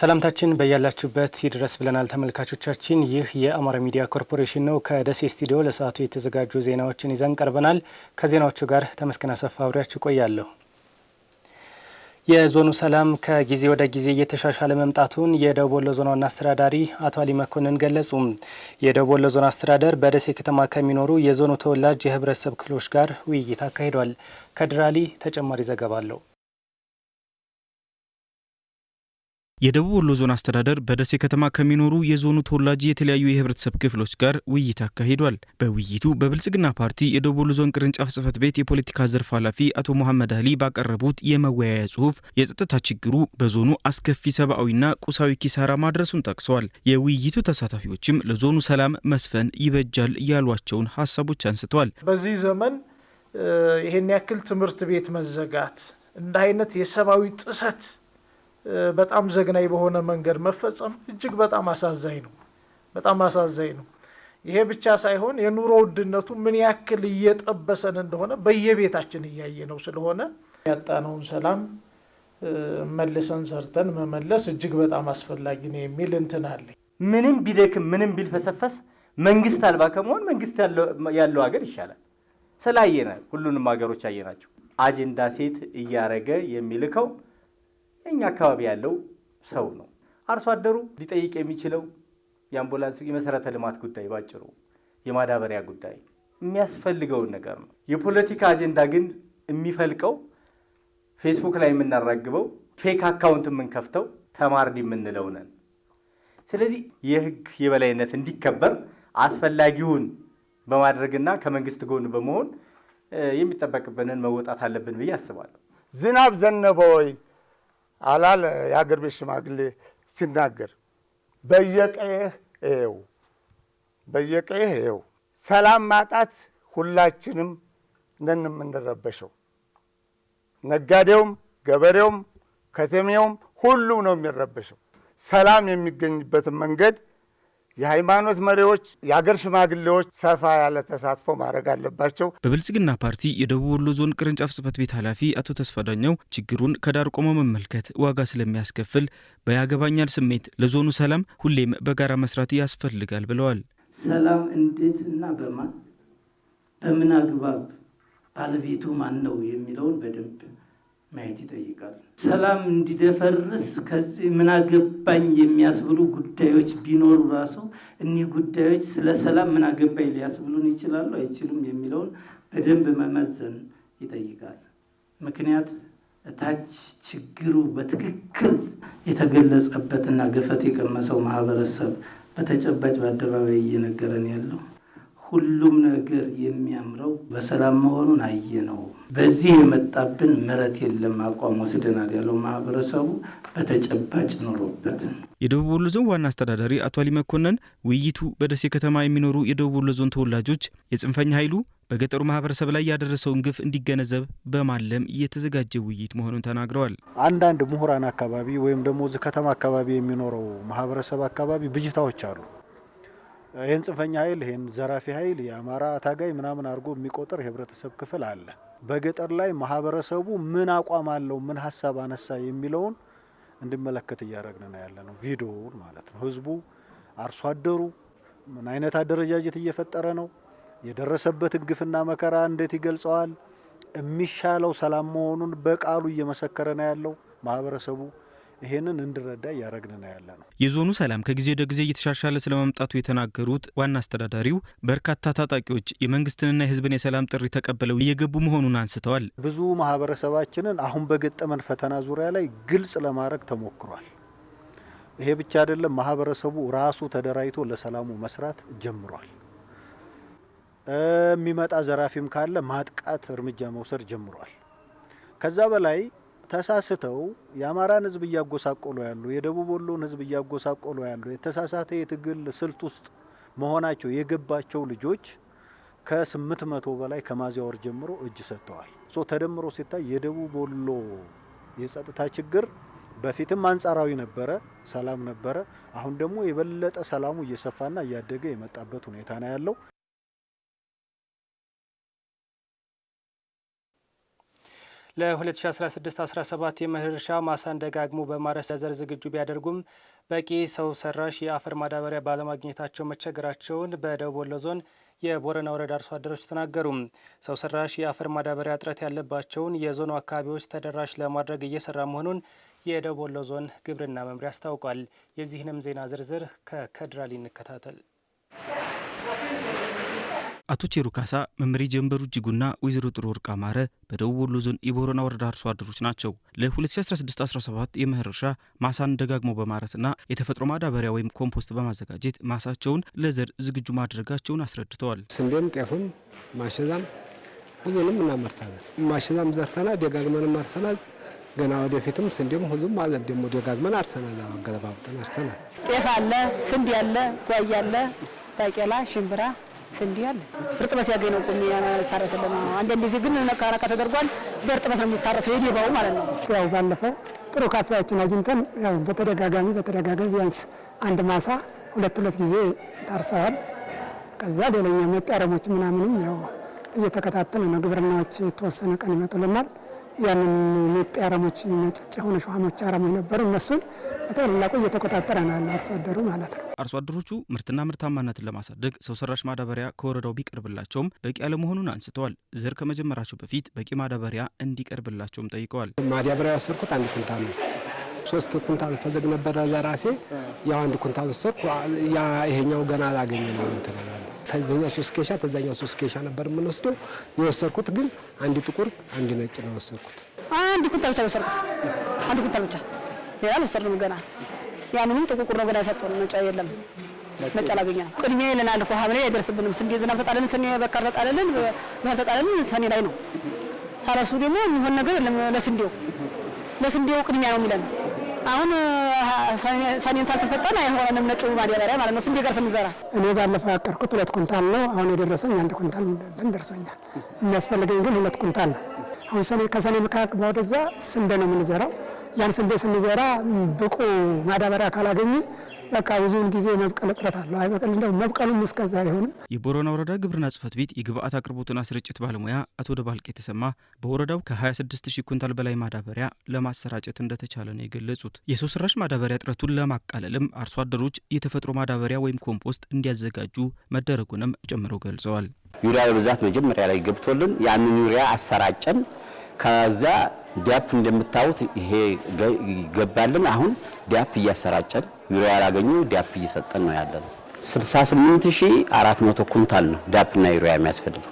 ሰላምታችን በያላችሁበት ይድረስ ብለናል ተመልካቾቻችን። ይህ የአማራ ሚዲያ ኮርፖሬሽን ነው። ከደሴ ስቱዲዮ ለሰዓቱ የተዘጋጁ ዜናዎችን ይዘን ቀርበናል። ከዜናዎቹ ጋር ተመስገን አሰፋ አብሪያችሁ ቆያለሁ። የዞኑ ሰላም ከጊዜ ወደ ጊዜ እየተሻሻለ መምጣቱን የደቡብ ወሎ ዞን ዋና አስተዳዳሪ አቶ አሊ መኮንን ገለጹ። የደቡብ ወሎ ዞን አስተዳደር በደሴ ከተማ ከሚኖሩ የዞኑ ተወላጅ የህብረተሰብ ክፍሎች ጋር ውይይት አካሂዷል። ከድራሊ ተጨማሪ ዘገባ አለው። የደቡብ ወሎ ዞን አስተዳደር በደሴ ከተማ ከሚኖሩ የዞኑ ተወላጅ የተለያዩ የህብረተሰብ ክፍሎች ጋር ውይይት አካሂዷል። በውይይቱ በብልጽግና ፓርቲ የደቡብ ወሎ ዞን ቅርንጫፍ ጽህፈት ቤት የፖለቲካ ዘርፍ ኃላፊ አቶ መሐመድ አሊ ባቀረቡት የመወያያ ጽሁፍ የጸጥታ ችግሩ በዞኑ አስከፊ ሰብአዊና ቁሳዊ ኪሳራ ማድረሱን ጠቅሰዋል። የውይይቱ ተሳታፊዎችም ለዞኑ ሰላም መስፈን ይበጃል ያሏቸውን ሀሳቦች አንስተዋል። በዚህ ዘመን ይሄን ያክል ትምህርት ቤት መዘጋት እንደ አይነት የሰብአዊ ጥሰት በጣም ዘግናይ በሆነ መንገድ መፈጸም እጅግ በጣም አሳዛኝ ነው። በጣም አሳዛኝ ነው። ይሄ ብቻ ሳይሆን የኑሮ ውድነቱ ምን ያክል እየጠበሰን እንደሆነ በየቤታችን እያየ ነው። ስለሆነ ያጣነውን ሰላም መልሰን ሰርተን መመለስ እጅግ በጣም አስፈላጊ ነው የሚል እንትን አለኝ። ምንም ቢደክም ምንም ቢልፈሰፈስ መንግስት አልባ ከመሆን መንግስት ያለው ሀገር ይሻላል። ስላየነ ሁሉንም ሀገሮች አየናቸው። አጀንዳ ሴት እያረገ የሚልከው እኛ አካባቢ ያለው ሰው ነው። አርሶ አደሩ ሊጠይቅ የሚችለው የአምቡላንስ የመሰረተ ልማት ጉዳይ፣ ባጭሩ የማዳበሪያ ጉዳይ የሚያስፈልገውን ነገር ነው። የፖለቲካ አጀንዳ ግን የሚፈልቀው ፌስቡክ ላይ የምናራግበው ፌክ አካውንት የምንከፍተው ተማርድ የምንለው ነን። ስለዚህ የህግ የበላይነት እንዲከበር አስፈላጊውን በማድረግና ከመንግስት ጎን በመሆን የሚጠበቅብንን መወጣት አለብን ብዬ አስባለሁ። ዝናብ ዘነበ ወይ? አላለ የሀገር ቤት ሽማግሌ ሲናገር በየቀየህ ይኸው በየቀየህ ይኸው ሰላም ማጣት ሁላችንም ነን የምንረበሸው። ነጋዴውም፣ ገበሬውም፣ ከተሜውም ሁሉም ነው የሚረበሸው። ሰላም የሚገኝበትን መንገድ የሃይማኖት መሪዎች፣ የአገር ሽማግሌዎች ሰፋ ያለ ተሳትፎ ማድረግ አለባቸው። በብልጽግና ፓርቲ የደቡብ ወሎ ዞን ቅርንጫፍ ጽፈት ቤት ኃላፊ አቶ ተስፋ ዳኛው ችግሩን ከዳር ቆሞ መመልከት ዋጋ ስለሚያስከፍል በያገባኛል ስሜት ለዞኑ ሰላም ሁሌም በጋራ መስራት ያስፈልጋል ብለዋል። ሰላም እንዴት እና በማን በምን አግባብ ባለቤቱ ማን ነው የሚለውን በደ አስተያየት ይጠይቃል። ሰላም እንዲደፈርስ ከዚህ ምን አገባኝ የሚያስብሉ ጉዳዮች ቢኖሩ ራሱ እኒህ ጉዳዮች ስለ ሰላም ምን አገባኝ ሊያስብሉን ይችላሉ አይችሉም የሚለውን በደንብ መመዘን ይጠይቃል። ምክንያት እታች ችግሩ በትክክል የተገለጸበትና ገፈት የቀመሰው ማህበረሰብ በተጨባጭ በአደባባይ እየነገረን ያለው ሁሉም ነገር የሚያምረው በሰላም መሆኑን አየ ነው። በዚህ የመጣብን ምረት የለም አቋም ወስደናል ያለው ማህበረሰቡ በተጨባጭ ኖሮበት። የደቡብ ወሎ ዞን ዋና አስተዳዳሪ አቶ አሊ መኮንን ውይይቱ በደሴ ከተማ የሚኖሩ የደቡብ ወሎ ዞን ተወላጆች የጽንፈኛ ኃይሉ በገጠሩ ማህበረሰብ ላይ ያደረሰውን ግፍ እንዲገነዘብ በማለም እየተዘጋጀ ውይይት መሆኑን ተናግረዋል። አንዳንድ ምሁራን አካባቢ ወይም ደግሞ ከተማ አካባቢ የሚኖረው ማህበረሰብ አካባቢ ብጅታዎች አሉ ይህን ጽንፈኛ ኃይል ይህን ዘራፊ ኃይል የአማራ ታጋይ ምናምን አድርጎ የሚቆጥር የህብረተሰብ ክፍል አለ። በገጠር ላይ ማህበረሰቡ ምን አቋም አለው፣ ምን ሀሳብ አነሳ የሚለውን እንዲመለከት እያደረግን ነው ያለ ነው። ቪዲዮውን ማለት ነው። ህዝቡ፣ አርሶ አደሩ ምን አይነት አደረጃጀት እየፈጠረ ነው፣ የደረሰበትን ግፍና መከራ እንዴት ይገልጸዋል፣ የሚሻለው ሰላም መሆኑን በቃሉ እየመሰከረ ነው ያለው ማህበረሰቡ ይሄንን እንድረዳ እያደረግን ነው ያለ ነው። የዞኑ ሰላም ከጊዜ ወደ ጊዜ እየተሻሻለ ስለመምጣቱ የተናገሩት ዋና አስተዳዳሪው በርካታ ታጣቂዎች የመንግስትንና የህዝብን የሰላም ጥሪ ተቀብለው እየገቡ መሆኑን አንስተዋል። ብዙ ማህበረሰባችንን አሁን በገጠመን ፈተና ዙሪያ ላይ ግልጽ ለማድረግ ተሞክሯል። ይሄ ብቻ አይደለም፣ ማህበረሰቡ ራሱ ተደራጅቶ ለሰላሙ መስራት ጀምሯል። የሚመጣ ዘራፊም ካለ ማጥቃት እርምጃ መውሰድ ጀምሯል። ከዛ በላይ ተሳስተው የአማራን ህዝብ እያጎሳቆሉ ያሉ የደቡብ ወሎን ህዝብ እያጎሳቆሉ ያሉ የተሳሳተ የትግል ስልት ውስጥ መሆናቸው የገባቸው ልጆች ከስምንት መቶ በላይ ከማዚያ ወር ጀምሮ እጅ ሰጥተዋል። ሶ ተደምሮ ሲታይ የደቡብ ወሎ የጸጥታ ችግር በፊትም አንጻራዊ ነበረ፣ ሰላም ነበረ። አሁን ደግሞ የበለጠ ሰላሙ እየሰፋና እያደገ የመጣበት ሁኔታ ነው ያለው። ለ2016-17 የመህርሻ ማሳን ደጋግሞ በማረስ ለዘር ዝግጁ ቢያደርጉም በቂ ሰው ሰራሽ የአፈር ማዳበሪያ ባለማግኘታቸው መቸገራቸውን በደቡብ ወሎ ዞን የቦረና ወረዳ አርሶ አደሮች ተናገሩ። ሰው ሰራሽ የአፈር ማዳበሪያ እጥረት ያለባቸውን የዞኑ አካባቢዎች ተደራሽ ለማድረግ እየሰራ መሆኑን የደቡብ ወሎ ዞን ግብርና መምሪያ አስታውቋል። የዚህንም ዜና ዝርዝር ከከድራል እንከታተል። አቶ ቼሩ ካሳ፣ መምሪ ጀንበሩ እጅጉና ወይዘሮ ጥሩ ወርቅ አማረ በደቡብ ወሎ ዞን የቦረና ወረዳ አርሶ አደሮች ናቸው። ለ2016/17 የመኸር እርሻ ማሳን ደጋግሞ በማረስና የተፈጥሮ ማዳበሪያ ወይም ኮምፖስት በማዘጋጀት ማሳቸውን ለዘር ዝግጁ ማድረጋቸውን አስረድተዋል። ስንዴም፣ ጤፍም፣ ማሸዛም ሁሉንም እናመርታለን። ማሸዛም ዘርተና ደጋግመንም አርሰናል። ገና ወደፊትም ስንዴም ሁሉም አለን። ደግሞ ደጋግመን አርሰናል። አገለባብጠን አርሰናል። ጤፍ አለ፣ ስንዴ አለ፣ ጓያ አለ፣ ባቄላ፣ ሽምብራ ስንዴ አለ። እርጥበት ያገኝ ነው ቁም ታረሰለ ነው። አንዳንድ ጊዜ ግን ነካረካ ተደርጓል። በእርጥበት ነው የሚታረሰው የዴባው ማለት ነው። ያው ባለፈው ጥሩ ካፊያዎችን አግኝተን ያው በተደጋጋሚ በተደጋጋሚ ቢያንስ አንድ ማሳ ሁለት ሁለት ጊዜ ታርሰዋል። ከዛ ሌላኛ መጤ አረሞች ምናምንም ያው እየተከታተሉ ነው። ግብርናዎች የተወሰነ ቀን ይመጡልናል። ያንን ሌጤ አረሞች ነጫጭ የሆነ ሸዋሞች አረሞች ነበሩ። እነሱን በተላላቁ እየተቆጣጠረ ነው ያለ አርሶ አደሩ ማለት ነው። አርሶ አደሮቹ ምርትና ምርታማነትን ለማሳደግ ሰው ሰራሽ ማዳበሪያ ከወረዳው ቢቀርብላቸውም በቂ አለመሆኑን አንስተዋል። ዘር ከመጀመራቸው በፊት በቂ ማዳበሪያ እንዲቀርብላቸውም ጠይቀዋል። ማዳበሪያ ወሰድኩት አንድ ኩንታል ነው ሶስት ኩንታል ፈልግ ነበረ ለራሴ ያው አንድ ኩንታል ስቶር ያ ይሄኛው ገና አላገኘ ነው እንትላል ተዛኛው ሶስት ኬሻ ተዛኛው ሶስት ኬሻ ነበር የምንወስደው የወሰድኩት ግን አንድ ጥቁር አንድ ነጭ ነው የወሰድኩት። አንድ ኩንታል ብቻ ነው የወሰድኩት። አንድ ኩንታል ብቻ ሌላ አልወሰድንም ገና ያንንም ጥቁር ነው ገና የሰጠው ነጭ የለም። ነጭ አላገኘ ቅድሚያ ይለናል እኮ ሐምሌ አይደርስብንም። ስንዴ ዝናብ ተጣለልን፣ ስንዴ በቃ ተጣለልን፣ ባህር ተጣለልን ሰኔ ላይ ነው ታረሱ ደግሞ የሚሆን ነገር የለም ለስንዴው ለስንዴው ቅድሚያ ነው የሚለን አሁን ሰኔንቱ አልተሰጠን አይሆነንም። ነጩ ማዳበሪያ ማለት ነው። ስንዴ ጋር ስንዘራ እኔ ባለፈው ያቀርኩት ሁለት ኩንታል ነው። አሁን የደረሰኝ አንድ ኩንታል እንትን ደርሶኛል። የሚያስፈልገኝ ግን ሁለት ኩንታል ነው። አሁን ሰኔ ከሰኔ መካከል ወደዛ ስንዴ ነው የምንዘራው። ያን ስንዴ ስንዘራ ብቁ ማዳበሪያ ካላገኘ በቃ ብዙውን ጊዜ መብቀል እጥረት አለው። አይበቀል እንደው መብቀሉም እስከዛ አይሆንም። የቦረና ወረዳ ግብርና ጽፈት ቤት የግብአት አቅርቦትና ስርጭት ባለሙያ አቶ ደባልቅ የተሰማ በወረዳው ከ26 ሺህ ኩንታል በላይ ማዳበሪያ ለማሰራጨት እንደተቻለ ነው የገለጹት። የሰው ሰራሽ ማዳበሪያ እጥረቱን ለማቃለልም አርሶ አደሮች የተፈጥሮ ማዳበሪያ ወይም ኮምፖስት እንዲያዘጋጁ መደረጉንም ጨምረው ገልጸዋል። ዩሪያ በብዛት መጀመሪያ ላይ ገብቶልን ያንን ዩሪያ አሰራጨን። ከዛ ዲያፕ እንደምታዩት ይሄ ገባልን። አሁን ዲያፕ እያሰራጨን ዩሮ ያላገኙ ዳፕ እየሰጠን ነው ያለ ነው። 68400 ኩንታል ነው ዳፕና ዩሮ የሚያስፈልገው።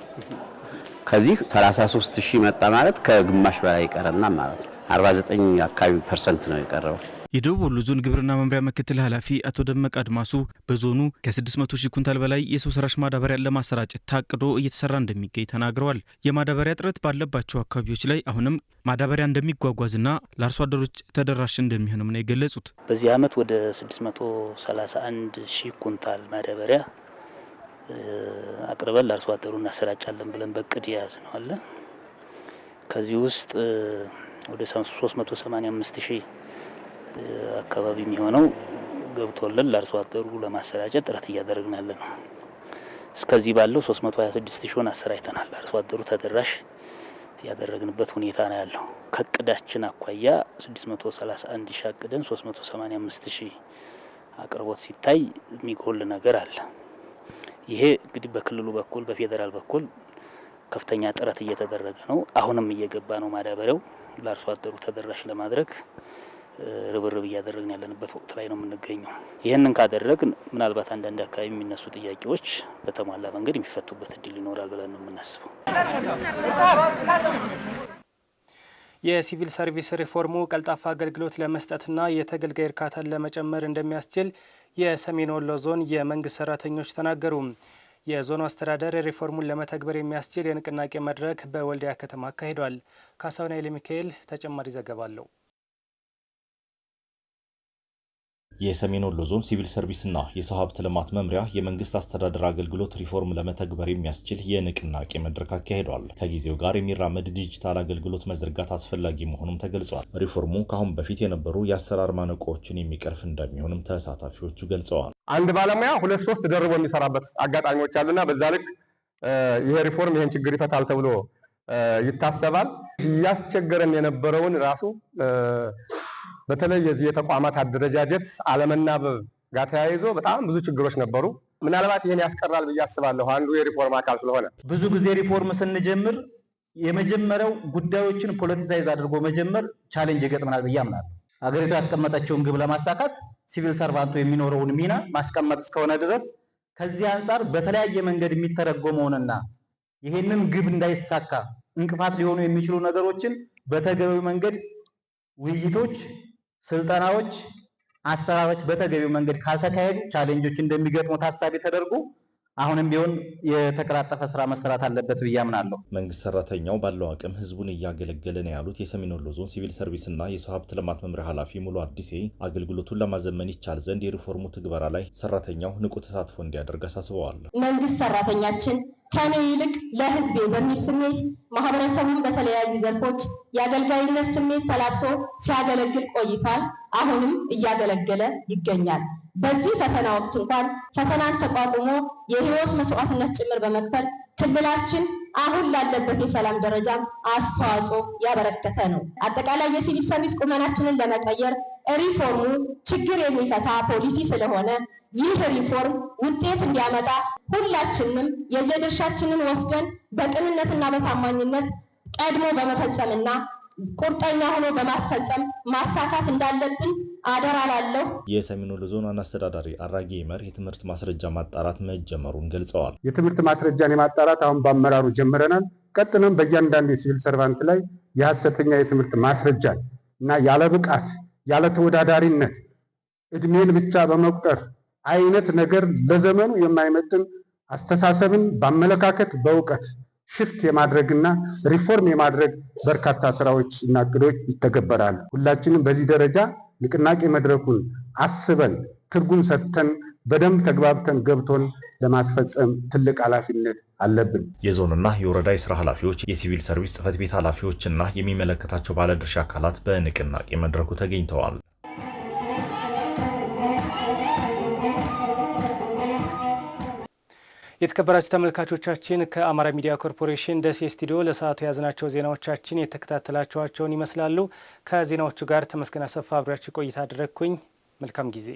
ከዚህ 33000 መጣ ማለት ከግማሽ በላይ ይቀረና ማለት ነው። 49 አካባቢ ፐርሰንት ነው የቀረበው። የደቡብ ወሎ ዞን ግብርና መምሪያ ምክትል ኃላፊ አቶ ደመቅ አድማሱ በዞኑ ከ600 ሺህ ኩንታል በላይ የሰው ሰራሽ ማዳበሪያ ለማሰራጨት ታቅዶ እየተሰራ እንደሚገኝ ተናግረዋል። የማዳበሪያ እጥረት ባለባቸው አካባቢዎች ላይ አሁንም ማዳበሪያ እንደሚጓጓዝና ለአርሶ አደሮች ተደራሽ እንደሚሆንም ነው የገለጹት። በዚህ ዓመት ወደ 631 ሺህ ኩንታል ማዳበሪያ አቅርበን ለአርሶ አደሩ እናሰራጫለን ብለን በቅድ የያዝ ነው አለ ከዚህ ውስጥ ወደ 385 ሺህ አካባቢ የሚሆነው ገብቶልን ለአርሶ አደሩ ለማሰራጨት ጥረት እያደረግን ያለ ነው። እስከዚህ ባለው 326 ሺውን አሰራጭተናል። አርሶ አደሩ ተደራሽ ያደረግንበት ሁኔታ ነው ያለው። ከእቅዳችን አኳያ 631 ሺ አቅደን 385 ሺ አቅርቦት ሲታይ የሚጎል ነገር አለ። ይሄ እንግዲህ በክልሉ በኩል በፌዴራል በኩል ከፍተኛ ጥረት እየተደረገ ነው። አሁንም እየገባ ነው ማዳበሪያው ለአርሶ አደሩ ተደራሽ ለማድረግ ርብርብ እያደረግን ያለንበት ወቅት ላይ ነው የምንገኘው። ይህንን ካደረግን ምናልባት አንዳንድ አካባቢ የሚነሱ ጥያቄዎች በተሟላ መንገድ የሚፈቱበት እድል ይኖራል ብለን ነው የምናስበው። የሲቪል ሰርቪስ ሪፎርሙ ቀልጣፋ አገልግሎት ለመስጠትና የተገልጋይ እርካታን ለመጨመር እንደሚያስችል የሰሜን ወሎ ዞን የመንግስት ሰራተኞች ተናገሩ። የዞኑ አስተዳደር ሪፎርሙን ለመተግበር የሚያስችል የንቅናቄ መድረክ በወልዲያ ከተማ አካሂዷል። ካሳሁን ኃይለ ሚካኤል ተጨማሪ ዘገባ አለው። የሰሜን ወሎ ዞን ሲቪል ሰርቪስና የሰው ሀብት ልማት መምሪያ የመንግስት አስተዳደር አገልግሎት ሪፎርም ለመተግበር የሚያስችል የንቅናቄ መድረክ አካሂዷል። ከጊዜው ጋር የሚራመድ ዲጂታል አገልግሎት መዘርጋት አስፈላጊ መሆኑም ተገልጿል። ሪፎርሙ ከአሁን በፊት የነበሩ የአሰራር ማነቆዎችን የሚቀርፍ እንደሚሆንም ተሳታፊዎቹ ገልጸዋል። አንድ ባለሙያ ሁለት ሶስት ደርቦ የሚሰራበት አጋጣሚዎች አሉና በዛ ልክ ይሄ ሪፎርም ይሄን ችግር ይፈታል ተብሎ ይታሰባል። እያስቸገረን የነበረውን ራሱ በተለይ የዚህ የተቋማት አደረጃጀት አለመናበብ ጋር ተያይዞ በጣም ብዙ ችግሮች ነበሩ። ምናልባት ይህን ያስቀራል ብዬ አስባለሁ። አንዱ የሪፎርም አካል ስለሆነ ብዙ ጊዜ ሪፎርም ስንጀምር የመጀመሪያው ጉዳዮችን ፖለቲሳይዝ አድርጎ መጀመር ቻሌንጅ ይገጥመናል ብዬ አምናለሁ። አገሪቱ ያስቀመጠችውን ግብ ለማሳካት ሲቪል ሰርቫንቱ የሚኖረውን ሚና ማስቀመጥ እስከሆነ ድረስ ከዚህ አንጻር በተለያየ መንገድ የሚተረጎመውንና ይሄንን ግብ እንዳይሳካ እንቅፋት ሊሆኑ የሚችሉ ነገሮችን በተገቢው መንገድ ውይይቶች ስልጠናዎች፣ አሰራሮች በተገቢው መንገድ ካልተካሄዱ ቻሌንጆች እንደሚገጥሙ ታሳቢ ተደርጎ አሁንም ቢሆን የተቀላጠፈ ስራ መሰራት አለበት ብዬ አምናለሁ። መንግስት ሰራተኛው ባለው አቅም ህዝቡን እያገለገለ ነው ያሉት የሰሜን ወሎ ዞን ሲቪል ሰርቪስና የሰው ሀብት ልማት መምሪያ ኃላፊ ሙሉ አዲሴ አገልግሎቱን ለማዘመን ይቻል ዘንድ የሪፎርሙ ትግበራ ላይ ሰራተኛው ንቁ ተሳትፎ እንዲያደርግ አሳስበዋል። መንግስት ሰራተኛችን ከኔ ይልቅ ለህዝቤ በሚል ስሜት ማህበረሰቡን በተለያዩ ዘርፎች የአገልጋይነት ስሜት ተላብሶ ሲያገለግል ቆይቷል። አሁንም እያገለገለ ይገኛል። በዚህ ፈተና ወቅት እንኳን ፈተናን ተቋቁሞ የህይወት መስዋዕትነት ጭምር በመክፈል ክልላችን አሁን ላለበት የሰላም ደረጃ አስተዋጽኦ ያበረከተ ነው። አጠቃላይ የሲቪል ሰርቪስ ቁመናችንን ለመቀየር ሪፎርሙ ችግር የሚፈታ ፖሊሲ ስለሆነ ይህ ሪፎርም ውጤት እንዲያመጣ ሁላችንም የየድርሻችንን ወስደን በቅንነትና በታማኝነት ቀድሞ በመፈጸምና ቁርጠኛ ሆኖ በማስፈጸም ማሳካት እንዳለብን አደራ የሰሜን ወሎ ዞን ዋና አስተዳዳሪ አራጌ ይመር የትምህርት ማስረጃ ማጣራት መጀመሩን ገልጸዋል። የትምህርት ማስረጃን የማጣራት አሁን በአመራሩ ጀምረናል። ቀጥሎም በእያንዳንዱ የሲቪል ሰርቫንት ላይ የሐሰተኛ የትምህርት ማስረጃን እና ያለ ብቃት ያለ ተወዳዳሪነት እድሜን ብቻ በመቁጠር አይነት ነገር ለዘመኑ የማይመጥን አስተሳሰብን በአመለካከት በእውቀት ሽፍት የማድረግና ሪፎርም የማድረግ በርካታ ስራዎች እና እቅዶች ይተገበራሉ። ሁላችንም በዚህ ደረጃ ንቅናቄ መድረኩን አስበን ትርጉም ሰጥተን በደንብ ተግባብተን ገብቶን ለማስፈጸም ትልቅ ኃላፊነት አለብን። የዞንና የወረዳ የስራ ኃላፊዎች፣ የሲቪል ሰርቪስ ጽህፈት ቤት ኃላፊዎችና የሚመለከታቸው ባለድርሻ አካላት በንቅናቄ መድረኩ ተገኝተዋል። የተከበራችሁ ተመልካቾቻችን ከአማራ ሚዲያ ኮርፖሬሽን ደሴ ስቱዲዮ ለሰዓቱ የያዝናቸው ዜናዎቻችን የተከታተላችኋቸውን ይመስላሉ። ከዜናዎቹ ጋር ተመስገን አሰፋ አብሬያችሁ ቆይታ አደረግኩኝ። መልካም ጊዜ